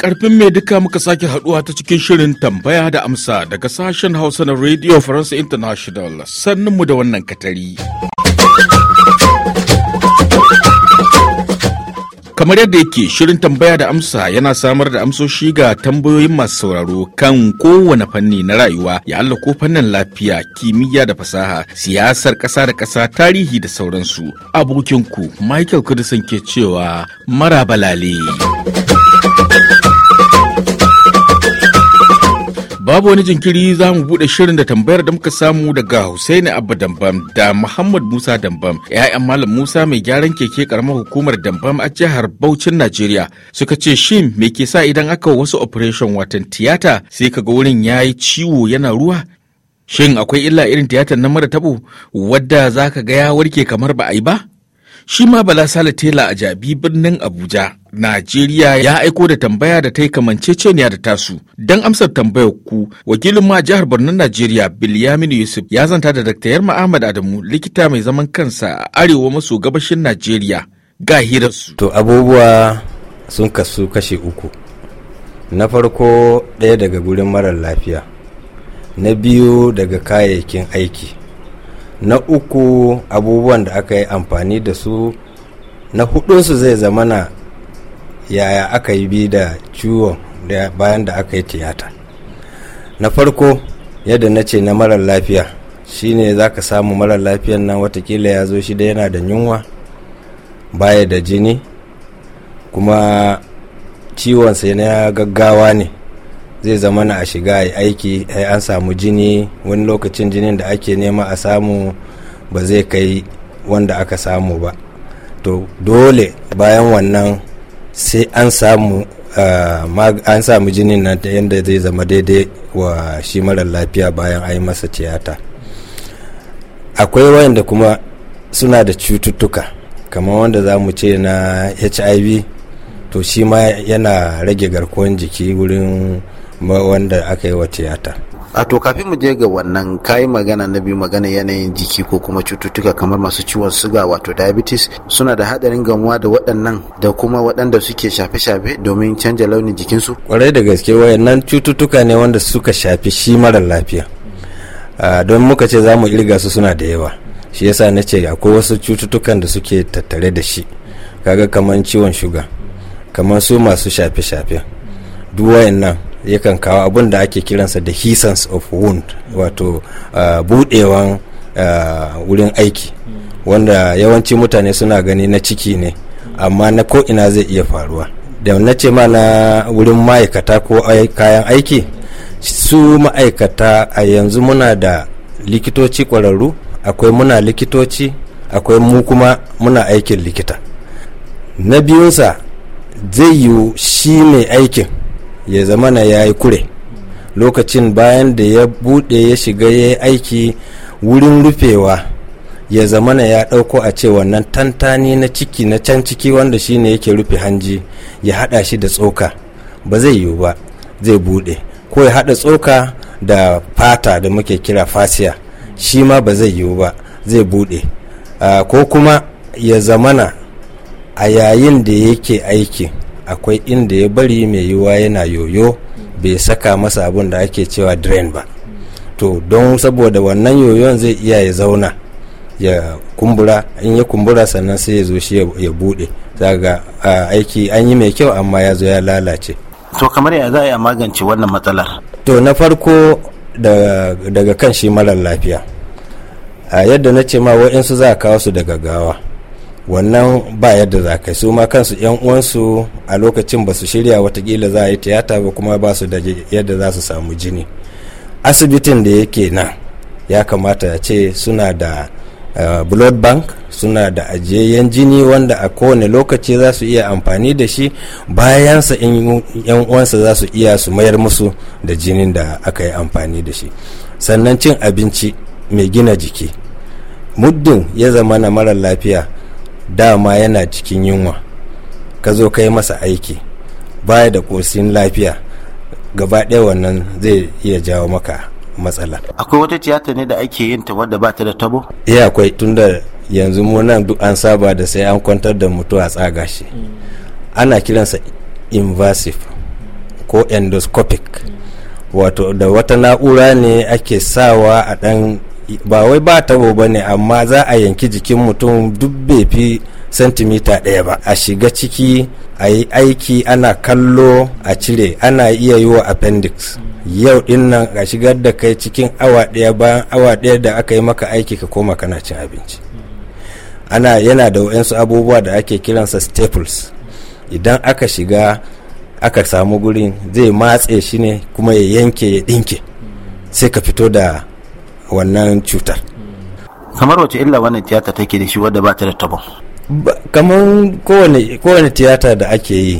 karfin mai duka muka sake haduwa ta cikin shirin tambaya da amsa daga sashen hausa na radio faransa international mu da wannan katari kamar yadda yake shirin tambaya da amsa yana samar da amsoshi ga tambayoyin masu sauraro kan kowane fanni na rayuwa ya Allah ko fannin lafiya kimiyya da fasaha siyasar ƙasa da ƙasa tarihi da sauransu abokinku michael kudisin ke cewa mara balale Babu wani jinkiri za mu buɗe shirin da tambayar da muka samu daga Hussaini Abba Dambam da Muhammad Musa Dambam, ‘ya'yan Malam Musa mai gyaran keke karamar hukumar Dambam a jihar Bauchin Najeriya. Suka ce shin me ke sa idan aka wasu operation watan tiyata sai kaga wurin ya yi ciwo yana ruwa? Shin akwai illa irin tiyatar nan mara tabo wadda za ka ga ya warke kamar ba a yi ba? Shi ma Bala Sale Tela a Jabi birnin Abuja, Najeriya ya aiko da tambaya da ta yi kamanceceniya da tasu. Don amsar tambayar ku, wakilin ma jihar birnin Najeriya Bilyaminu Yusuf ya zanta da Dr. Yarma Ahmad Adamu, likita mai zaman kansa a arewa maso gabashin Najeriya. Ga hirarsu. To abubuwa sun kasu kashe uku. Na farko ɗaya daga gurin marar lafiya. Na biyu daga kayayyakin aiki. na uku abubuwan da aka yi amfani da su na hudunsu zai zamana yaya aka yi bi da ciwon bayan da aka yi tiyata na farko yadda na ce na marar lafiya shine za ka samu marar lafiyan nan watakila ya zo shi da yana da yunwa baya da jini kuma ciwonsa na gaggawa ne zai zama na a shiga a aiki an samu jini wani lokacin jinin da ake nema a samu ba zai kai wanda aka samu ba to dole bayan wannan sai an samu ah, an samu jinin nan ta yadda zai zama daidai wa shi mara lafiya bayan a masa tiyata akwai wayanda kuma suna da cututtuka kamar wanda za mu ce na hiv to shi ma yana rage garkuwan jiki wurin wanda aka yi wa tiyata a to kafin mu je ga wannan kayi magana na biyu magana yanayin jiki ko kuma cututtuka kamar masu ciwon suga wato diabetes suna da hadarin gamuwa da waɗannan da kuma waɗanda suke shafe-shafe domin canja launin jikinsu kwarai da gaske wayannan cututtuka ne wanda suka shafi shi mara lafiya don muka ce za mu irga su suna da yawa shi yasa na ce akwai wasu cututtukan da suke tattare da shi kaga kamar ciwon shuga kamar su masu shafe-shafe duk wayannan yakan kawo abun da ake kiransa da hisans of wound wato uh, budewan uh, wurin aiki wanda yawanci mutane suna gani na ciki ne amma na ko ina zai iya faruwa da na ce ma na wurin ma'aikata ko kayan aiki su ma'aikata a yanzu muna da likitoci kwararru akwai muna likitoci akwai mu kuma muna aikin likita na biyunsa zai yiwu shi mai aikin ya zamana ya yi kure lokacin bayan da ya buɗe ya shiga ya yi aiki wurin rufewa ya zamana ya ɗauko a ce wannan tantani na ciki na can ciki wanda shine yake rufe hanji ya haɗa shi da tsoka ba zai yiwu ba zai buɗe ko ya haɗa tsoka da fata da muke kira fasiya shi ma ba zai yiwu ba zai buɗe ah, ko kuma ya zamana a yayin da yake aiki akwai inda ya bari mai yiwuwa yana yoyo bai saka masa abun da ake cewa drain ba to don saboda wannan yoyon zai iya ya zauna ya kumbura in ya kumbura sannan sai ya zo shi ya bude daga aiki an yi mai kyau amma ya zo ya lalace to kamar ya za a magance wannan matsalar to na farko daga kan shi marar lafiya a yadda na ce ma wa'insu za a kawo su daga gawa. wannan ba yadda za ka su ma kansu yan uwansu a lokacin ba su shirya watakila za a yi tiyata ba kuma ba su da yadda za su samu jini asibitin da yake nan ya kamata ya ce suna da eh, blood bank suna da ajiyayyen jini wanda a kowane lokaci za su iya amfani da shi bayansa yan uwansa za su iya su mayar musu da jinin da aka yi amfani da shi sannan cin abinci mai gina jiki muddin ya zama na marar lafiya dama yana cikin yunwa ka zo ka masa aiki baya da ƙosin lafiya gaba ɗaya wannan zai iya jawo maka matsala akwai wata tiyata ne da ake yin ta wadda ba ta da tabo e akwai tunda yanzu mu nan duk an saba da sai an kwantar da mutu a tsaga shi ana kiransa invasive ko endoscopic wato da wata na'ura ne ake sawa a ɗan ba wai ba tabo ba ne amma za a yanki jikin mutum duk bai fi santimita ɗaya ba a shiga ciki a yi aiki ana kallo a cire ana iya yi wa appendix yau din nan a shigar da kai cikin awa ɗaya bayan awa ɗaya da aka yi maka aiki ka koma kana cin abinci ana yana da wayansu abubuwa da ake kiransa staples idan aka shiga aka samu gurin zai matse shi ne kuma ya yanke ya ɗinke sai ka fito da wannan cutar kamar wace illa wannan tiyata take da shi wadda ba ta da tabon kamar kowane tiyata da ake yi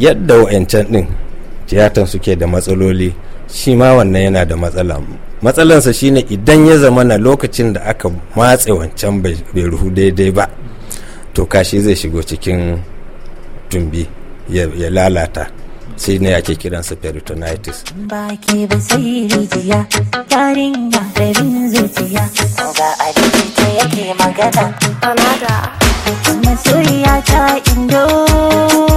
yadda wa'ancan din tiyatan suke da matsaloli shi ma wannan yana da matsala matsalansa shine idan ya zama na lokacin da aka matse wancan bai ruhu daidai ba to kashi zai shigo cikin tumbi ya lalata sai ne ake kiransa peritonitis baki ba sai rijiya ya yarin zuciya ga aliki yake magana ya ta indo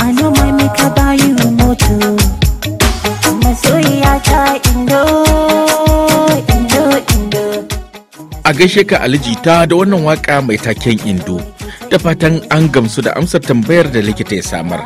a noma ka bayu ta gaishe ka jita da wannan waka mai taken indo da fatan an gamsu da amsar tambayar da likita ya samar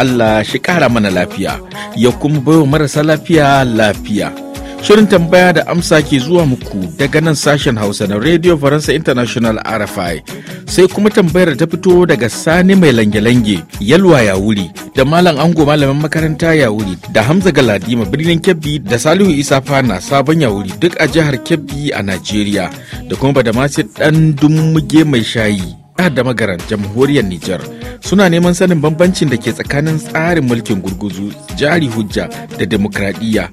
Allah shi kara mana lafiya ya kuma baiwa marasa lafiya lafiya Shirin tambaya da amsa ke zuwa muku daga nan sashen Hausa na Radio Faransa International RFI sai kuma tambayar da ta fito daga Sani mai lange-lange Yalwa ya wuri da Malam Ango malamin makaranta ya wuri da Hamza Galadima birnin Kebbi da Salihu Isa Fana sabon ya wuri duk a jihar Kebbi a Najeriya da kuma Badamasi dan Dummuge mai shayi da magaran jamhuriyar Nijar suna neman sanin bambancin da ke tsakanin tsarin mulkin gurguzu, jari hujja da demokradiyya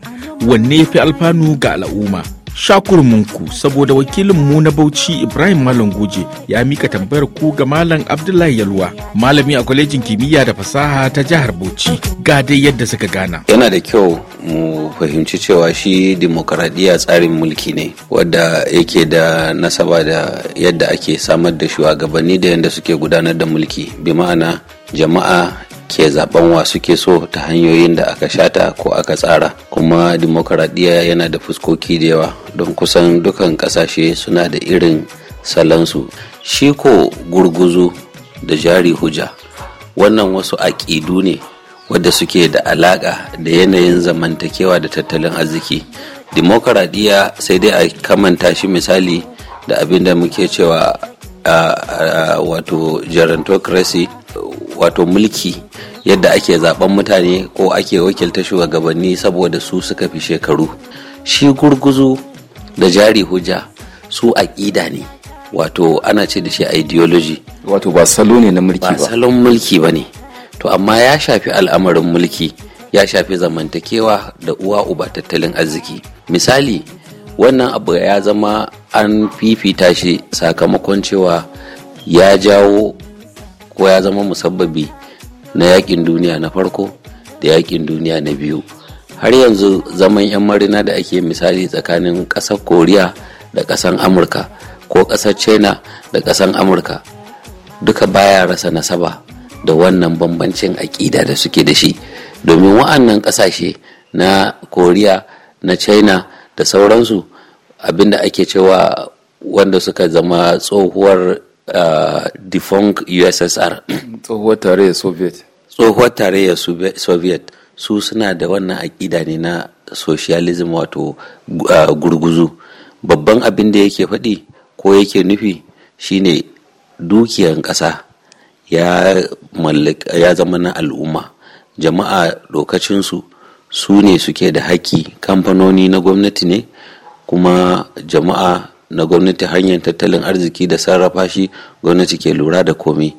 wanne ya fi alfanu ga al'umma. shakur munku saboda wakilin mu na bauchi ibrahim malam goje ya mika tambayar ku ga malam abdullahi yalwa malami a kwalejin kimiyya da fasaha ta jihar bauchi ga dai yadda suka gana yana da kyau mu fahimci cewa shi demokaradiyya tsarin mulki ne wadda yake da nasaba da yadda ake samar da shugabanni da yadda suke gudanar da mulki bi ma'ana jama'a ke zaben wa suke so ta hanyoyin da aka shata ko aka tsara kuma dimokuraɗiyya yana da fuskoki da yawa don kusan dukan ƙasashe suna da irin salansu shi ko gurguzu da jari hujja wannan wasu aƙidu ne wadda suke da alaƙa da yanayin zamantakewa da tattalin arziki dimokuraɗiyya sai dai a kamanta shi misali da abin da muke cewa a wato gerontocracy wato mulki yadda ake zaben mutane ko ake wakilta shugabanni saboda su suka fi shekaru shi gurguzu da jari hujja su aƙida ne wato ana ce da shi ideology wato ba salo ne na mulki ba ba salon mulki ba ne to amma ya shafi al'amarin mulki ya shafi zamantakewa da uwa uba tattalin arziki misali wannan abu ya zama an fifita shi sakamakon cewa ya jawo ko ya zama musabbabi na yakin duniya na farko da yakin duniya na biyu har yanzu zaman 'yan marina da ake misali tsakanin ƙasar koriya da ƙasar amurka ko ƙasar china da ƙasar amurka duka baya rasa nasaba da wannan bambancin aƙida da suke da shi domin wa'annan ƙasashe na koriya na china da sauransu abinda ake cewa wanda suka zama tsohuwar Uh, defunct ussr tsohuwar tarayyar soviet tsohuwar tarayyar soviet su suna da wannan aƙida ne na socialism wato uh, gurguzu babban abin da yake faɗi ko yake nufi shine dukiyar ƙasa ya zama na al'umma jama'a lokacinsu su ne suke da haƙƙi kamfanoni na gwamnati ne kuma jama'a na gwamnati hanyar tattalin arziki da sarrafa shi gwamnati ke lura da komai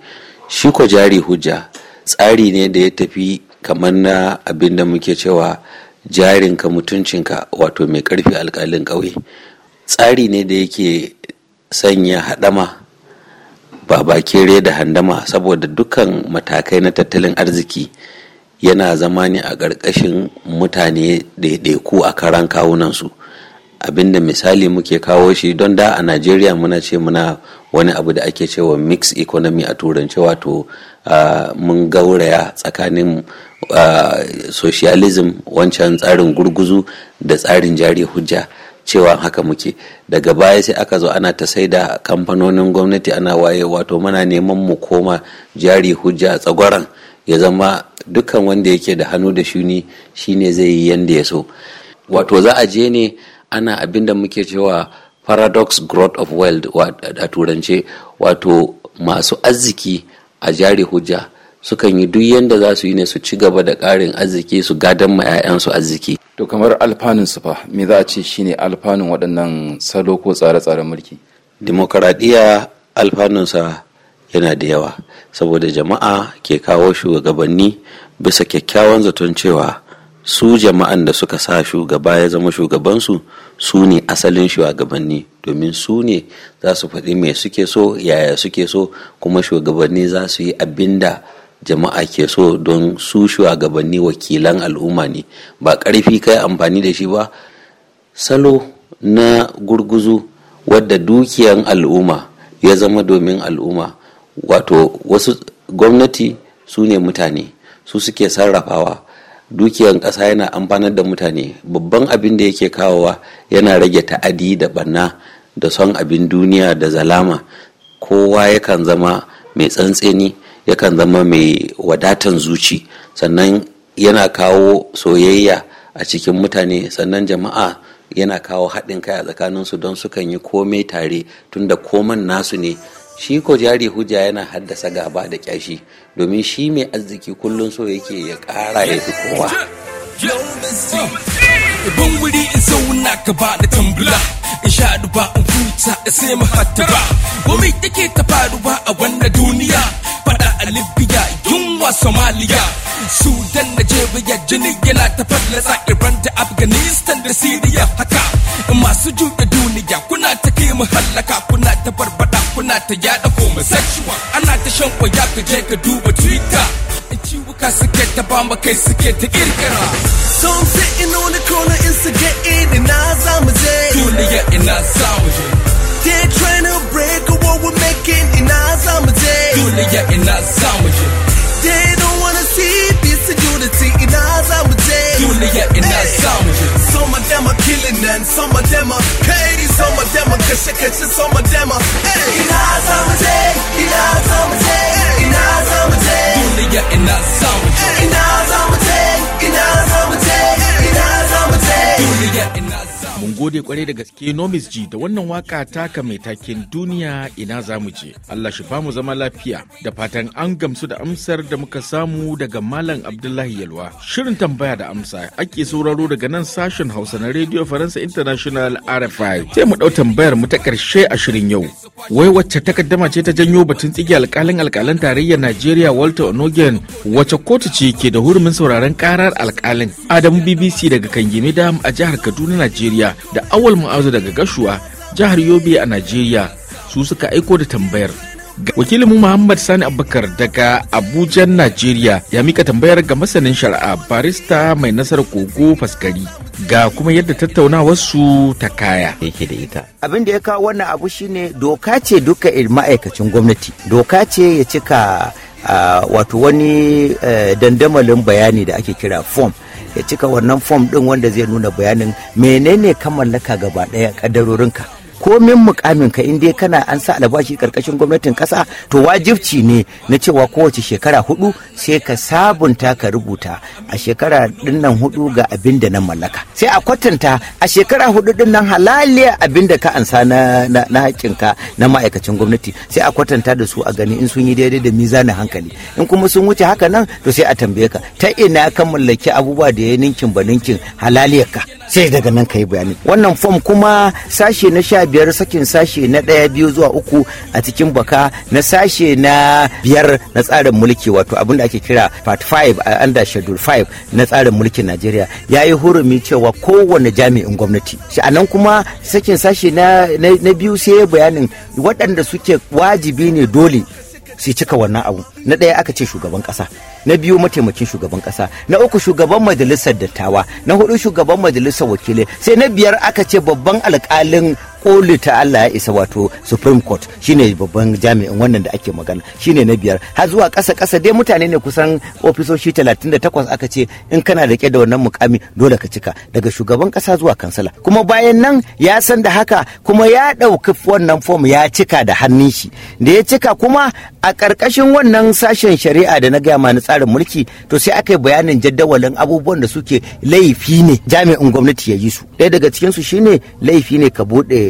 shi ko jari hujja tsari ne da ya tafi kamar na abin da muke cewa jarinka mutuncinka wato mai karfi alkalin ƙauye tsari ne da yake sanya haɗama ba bakere da handama saboda dukkan matakai na tattalin arziki yana zama ne a ƙarƙashin mutane ɗaiɗaiku a karan kawunansu Abin da misali muke kawo shi don da a najeriya muna ce muna wani abu da ake cewa mix economy a turance wato mun gauraya tsakanin socialism wancan tsarin gurguzu da tsarin jari hujja cewa haka muke daga baya sai aka zo ana ta sai da kamfanonin gwamnati ana waye wato muna neman mu koma jari hujja tsagwaran ya zama dukkan wanda yake da hannu da shuni shine zai yi yanda ya so wato za a je ne ana abin da muke cewa paradox growth of wealth a turance wato masu arziki a jari hujja sukan yi duk yadda za su yi ne su ci gaba da ƙarin arziki su gadon ma 'ya'yansu arziki. To kamar alfanun su fa me za a ce shine alfanun waɗannan salo ko tsare-tsaren mulki? alfanun alfanunsa yana da yawa saboda jama'a ke kawo shugabanni bisa kyakkyawan zaton cewa su jama'an da suka sa shugaba ya zama shugabansu su ne asalin shugabanni domin su ne za su faɗi mai suke so yaya suke so kuma shugabanni za su yi abin da jama'a ke so don su shugabanni wakilan al'umma ne ba ƙarfi kai amfani da shi ba salo na gurguzu wadda dukiyan al'umma ya zama domin al'umma wato wasu gwamnati su ne mutane su suke sarrafawa dukiyan ƙasa yana amfanar da mutane babban abin da yake kawowa yana rage ta'adi da banna da son abin duniya da zalama kowa yakan zama mai tsantseni yakan zama mai wadatan zuci sannan yana kawo soyayya a cikin mutane sannan jama'a yana kawo haɗin kai a tsakaninsu don sukan yi komai tare tunda koman nasu ne shi ko jari hujja yana haddasa gaba da kyashi domin shi mai arziki kullum so yake ya kara ya fi kowa ban wuri in zauna ka ba da tambula in sha duba in huta in sai mu hatta ba wani take ta faruwa a wannan duniya fada a libya yunwa somaliya Sudan, Najeriya jini yana ta fallasa Iran da Afghanistan da Syria haka masu juya duniya kuna ta kai mu kuna ta barbada kuna ta yada homosexual ana ta shan kwaya ka je ka duba Twitter ciwuka suke ta ba kai suke ta kirkira So I'm sitting on the corner in su ina za mu je Duniya ina za mu je They're trying to break a wall we're making ina za mu je Duniya ina za mu je gode kwarai da gaske Nomis ji da wannan waka taka mai taken duniya ina za mu je. Allah shi famu zama lafiya da fatan an gamsu da amsar da muka samu daga Malam Abdullahi Yalwa. Shirin tambaya da amsa ake sauraro daga nan sashen Hausa na Radio Faransa International RFI. Sai mu ɗau tambayar mu ta karshe a shirin yau. Wai wacce takaddama ce ta janyo batun tsige alkalin alkalin tarayyar Najeriya Walter Onogen wacce kotu ce ke da hurumin sauraron karar alkalin? Adamu BBC daga Kangimidam a jihar Kaduna Najeriya da awal mu'azu daga gashuwa jihar yobe a najeriya su suka aiko da tambayar wakilinmu muhammad sani abubakar daga abuja najeriya ya mika tambayar ga masanin shari'a barista mai nasarar kogo faskari ga kuma yadda tattaunawarsu ta kaya yake da ita abin da ya kawo wannan abu shine doka ce duka ma'aikacin gwamnati doka ce ya cika ah, wato wani eh, dandamalin bayani da ake kira form ya cika wannan fom ɗin wanda zai nuna bayanin menene ka mallaka gaba ɗaya ka. komin mukamin ka in dai kana an sa albashi karkashin gwamnatin kasa to wajibci ne na cewa kowace shekara hudu sai ka sabunta ka rubuta a shekara dinnan hudu ga abin da na mallaka sai a kwatanta a shekara hudu dinnan halaliya abinda ka ansa na na, na ka na ma'aikacin gwamnati sai a kwatanta da su a gani in sun yi daidai da mizanin hankali in kuma sun wuce haka nan to sai a tambaye ka ta ina ka mallaki abubuwa da ya ninkin ba ninkin halaliyar sai daga nan ka yi bayani wannan fom kuma sashe na sha biyar sakin sashe na ɗaya biyu zuwa uku a cikin baka na sashe na biyar na tsarin mulki wato abin da ake kira part 5 a under schedule 5 na tsarin mulkin najeriya ya yi hurumi cewa kowane jami'in gwamnati anan kuma sakin sashe na, biyu sai bayanin waɗanda suke wajibi ne dole su cika wannan abu na ɗaya aka ce shugaban ƙasa na biyu mataimakin shugaban ƙasa na uku shugaban majalisar dattawa na hudu shugaban majalisar wakilai sai na biyar aka ce babban alƙalin koli ta Allah ya isa wato Supreme Court shine babban jami'in wannan da ake magana shine na biyar har zuwa ƙasa ƙasa dai mutane ne kusan ofisoshi 38 aka ce in kana rike da wannan mukami dole ka cika daga shugaban ƙasa zuwa kansala kuma bayan nan ya san da haka kuma ya ɗauki wannan fom ya cika da hannun shi da ya cika kuma a ƙarƙashin wannan sashen shari'a da na gaya ma na tsarin mulki to sai aka yi bayanin jadawalin abubuwan da suke laifi ne jami'in gwamnati ya yi su ɗaya daga cikinsu shine laifi ne ka buɗe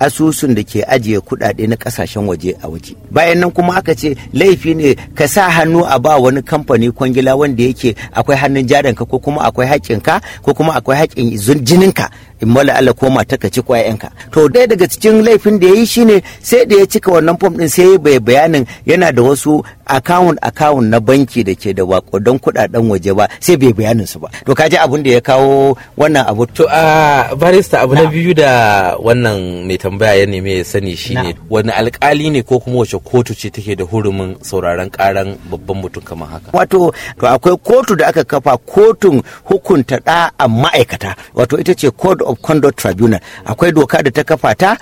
asusun da ke ajiye kuɗaɗe na kasashen waje a waje bayan nan kuma aka ce laifi ne ka sa hannu a ba wani kamfani kwangila wanda yake akwai hannun jarinka ko kuma akwai haƙƙinka ko kuma akwai haƙƙin jininka in mala Allah ko matarka ci kwayanka to dai daga cikin laifin da yayi shine sai da ya cika wannan form din sai ya bayanin yana da wasu account account na banki da ke da don kuɗaɗen waje ba sai bai bayanin su ba to kaji abun da ya kawo wannan abu to a ah, barista abu na biyu da wannan mai tambaya ya neme ya sani shi ne wani alkali ne ko kuma wace kotu ce take da hurumin sauraron karan babban mutum kamar haka wato to akwai kotu da aka kafa kotun hukunta a ma'aikata wato ita ce code of conduct tribunal akwai doka da ta kafa ta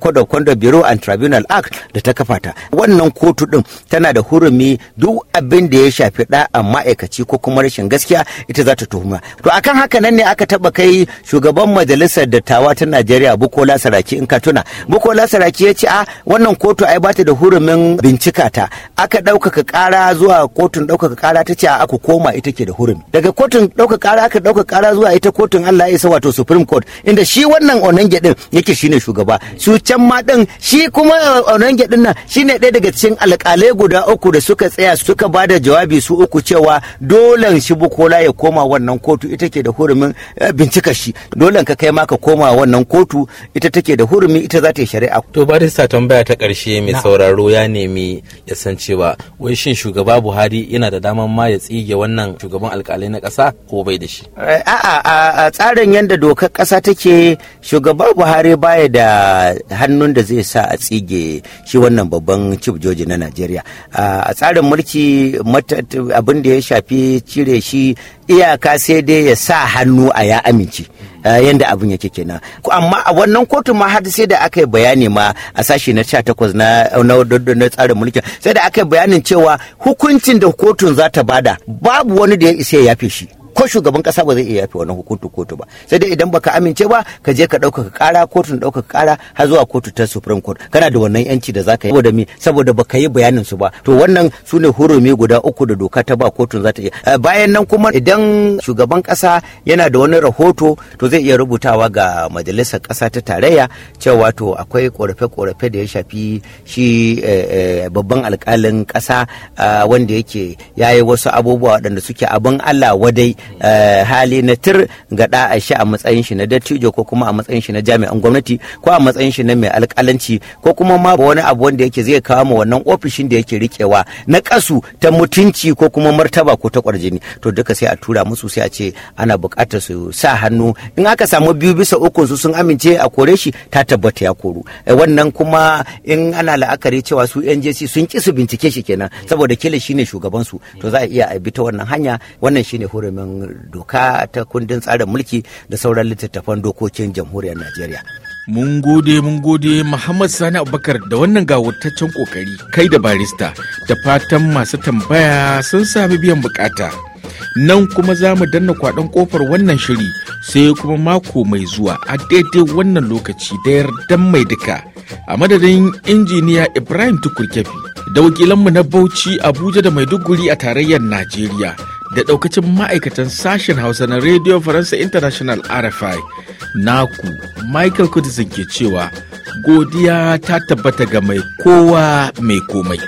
code of conduct bureau and tribunal act da ta kafa ta wannan kotu din tana da hurumi duk abin da ya shafi a ma'aikaci ko kuma rashin gaskiya ita za ta tuhuma to akan haka nan ne aka taba kai shugaban majalisar dattawa ta Najeriya Bukola Bukola Saraki in ka tuna Bukola Saraki ya ce a wannan kotu ai bata da hurumin bincika ta aka ɗaukaka ƙara zuwa kotun ɗaukaka ƙara ta ce a ku koma ita ke da hurumi daga kotun ɗaukaka ƙara aka ɗaukaka ƙara zuwa ita kotun Allah ya isa wato Supreme Court inda shi wannan Onange din yake shine shugaba su can ma din shi kuma uh, Onange din nan shine ɗaya daga cikin alƙalai guda uku da suka tsaya suka ba da jawabi su uku cewa dole shi Bukola ya koma wannan kotu ita ke da hurumin uh, bincika shi dole ka kai ma ka koma wannan kotu ita ita take da hurumi ita za ta yi shari'a. To barista tambaya ta ƙarshe mai sauraro ya nemi ya san cewa wai shin shugaba Buhari yana da daman ma ya tsige wannan shugaban alƙalai na ƙasa ko bai da shi. Eh, a'a a tsarin yadda dokar ƙasa take shugaba Buhari baya da hannun da zai sa a tsige shi wannan babban cif joji na Najeriya. A tsarin mulki abin da ya shafi cire shi iyaka sai dai ya sa hannu a ya amince yadda abin yake kenan amma a wannan kotun ma har sai da aka yi bayani ma a sashi na 18 na na tsarin mulki sai da aka yi bayanin cewa hukuncin da kotun za ta bada babu wani da ya isa ya yafe shi ko shugaban kasa ba zai iya yafe wannan hukuncin kotu ba sai dai idan baka amince ba ka je ka ɗaukaka ƙara kotun ɗaukaka ƙara har zuwa kotu ta supreme court kana da wannan yanci da zaka yi saboda me saboda baka yi bayanin su ba to wannan su ne hurumi guda uku da doka ta ba kotun za ta iya eh, bayan nan kuma idan shugaban kasa yana da wani rahoto to zai iya rubutawa ga majalisar kasa ta tarayya cewa to akwai korafe-korafe da ya shafi shi eh, eh, babban alkalin kasa ah, wanda yake yayi wasu abubuwa waɗanda suke abin Allah wadai Eh, hali na tir ga a shi a matsayin shi na dattijo ko kuma a matsayin shi na jami'an gwamnati ko a matsayin shi na mai alƙalanci ko kuma ma wani abu wanda yake zai kawo mu wannan ofishin da yake riƙewa na kasu ta mutunci ko kuma martaba ko ta kwarjini to duka sai a tura musu sai a ce ana buƙatar su sa hannu in aka samu biyu bisa uku su sun amince a kore shi ta tabbata ya koru eh, wannan kuma in ana la'akari cewa su NJC sun ki su bincike shi kenan saboda kila shine shugaban to za a iya a bi ta wannan hanya wannan shine hurumin doka ta kundin tsarin mulki da sauran littattafan dokokin jamhuriyar najeriya mun gode mun gode muhammad sani abubakar da wannan gawurtaccen kokari kai da barista da fatan masu tambaya sun sami biyan bukata nan kuma za mu danna kwaɗon ƙofar wannan shiri sai kuma mako mai zuwa a daidai wannan lokaci da yardan mai duka a madadin injiniya ibrahim tukur da wakilanmu na bauchi abuja da maiduguri a tarayyar najeriya da ɗaukacin ma'aikatan sashen Hausa na Radio Faransa International RFI. Naku Michael Kudisin ke cewa godiya ta tabbata ga mai kowa mai komai.